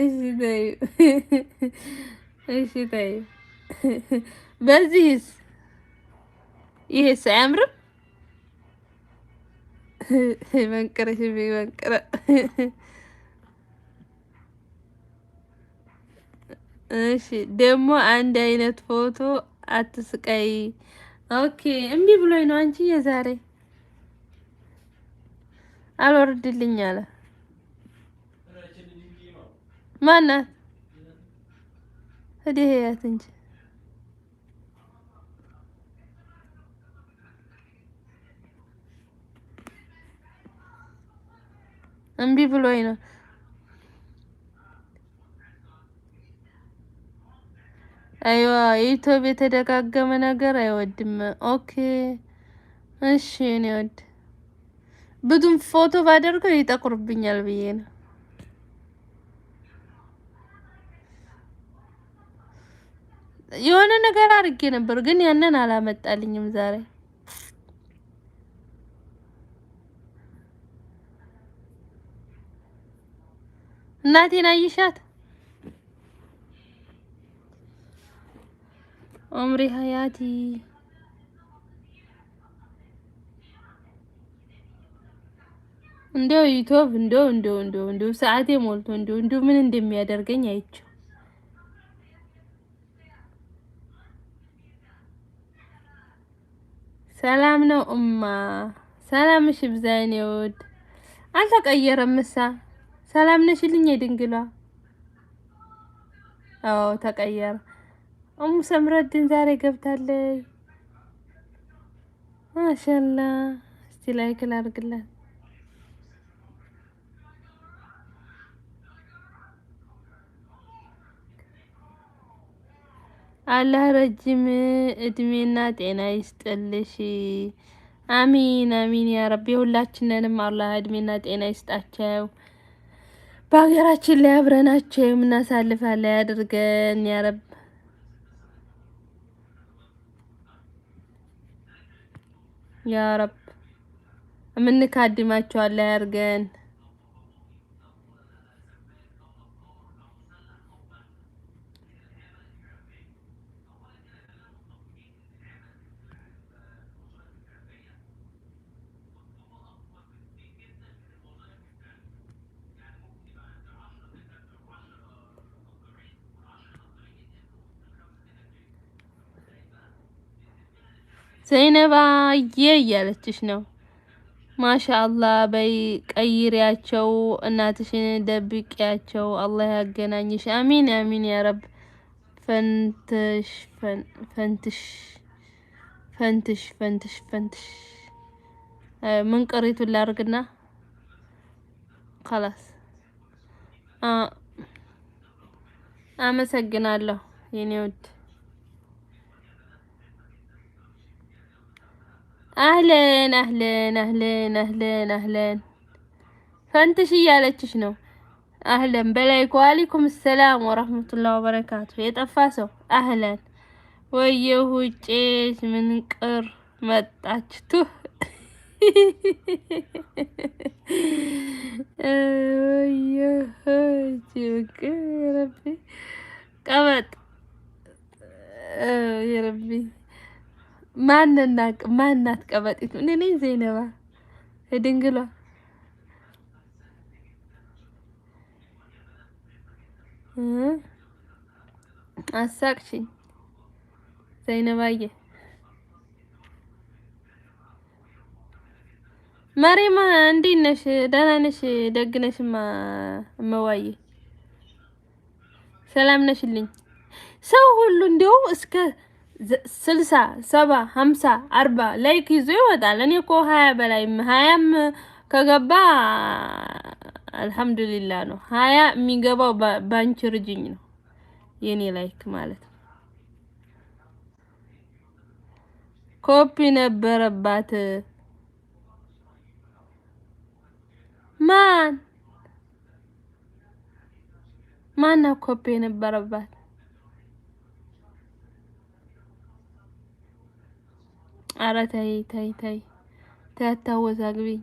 እሺ ተይ እሺ ተይ። በዚህስ ይሄስ አያምርም? መንቅረሽ መንቅረ እሺ ደግሞ አንድ አይነት ፎቶ አትስቀይ። ኦኬ እምቢ ብሎኝ ነው አንቺ የዛሬ አልወርድልኝ አለ። ማናት? እዴ ህያት እንጂ እምቢ ብሎኝ ነው። አይዋ የኢትዮብ የተደጋገመ ነገር አይወድም። ኦኬ እሺ፣ እኔ ወድ ብዙም ፎቶ ባደርገው ይጠቁርብኛል ብዬ ነው። የሆነ ነገር አድርጌ ነበር ግን ያንን አላመጣልኝም ዛሬ እናቴን አይሻት ኦምሪ ሀያቲ እንደው ዩቲዩብ እንደው እንደው እንደው እንደው ሰዓቴ ሞልቶ እንደው እንደው ምን እንደሚያደርገኝ አይቼው ሰላም ነው እማ፣ ሰላምሽ ይብዛ የኔ ውድ። አልተቀየረም እሳ ሰላም ነሽልኝ ድንግሏ አዎ ተቀየረ። እሙ ሰምረድን ዛሬ ገብታለች። ማሻአላህ። እስቲ ላይክ ላድርግላት። አላህ ረጅም እድሜና ጤና ይስጥልሽ። አሚን አሚን ያ ረቢ። ሁላችንንም አላህ እድሜና ጤና ይስጣቸው። በሀገራችን ላይ አብረናቸው የምናሳልፋለ ያድርገን ያ ረብ። ያ ረብ የምንካድማቸው አላህ ያድርገን። ዘይነባዬ እያለችሽ ነው። ማሻአላ በይ ቀይሪያቸው፣ እናትሽን ደብቂያቸው። አላህ ያገናኝሽ። አሚን አሚን ያረብ ፈንትሽ ፈንትሽ ፈንትሽ ፈንትሽ ፈንትሽ ምን ቀሪቱን ላርግና ከላስ አመሰግናለሁ የኔ ውድ أهلين أهلين أهلين أهلين أهلين فأنت شي قالتش شنو أهلا بلايك وعليكم السلام ورحمة الله وبركاته يتقفاسو أهلا ويوه جيش من قر متعجته ويوه جيش يا ربي قبط يا ربي ማንናቅ ማናት ቀበጢት እኔ ነኝ ድንግሏ አሳቅሽኝ ዘይነባዬ ማሬማ እንዴት ነሽ ደህና ነሽ ደግ ነሽማ እመዋዬ ሰላም ነሽልኝ ሰው ሁሉ እንዲያው እስከ ስልሳ ሰባ ሀምሳ አርባ ላይክ ይዞ ይወጣል። እኔ እኮ ሀያ በላይ ሀያም ከገባ አልሐምዱሊላ ነው። ሀያ የሚገባው ባንች ርጅኝ ነው የኔ ላይክ ማለት ነው። ኮፒ ነበረባት ማን ማና ኮፒ ነበረባት ኧረ ተይ ተይ ተይ ተይ አታወዛግቢኝ።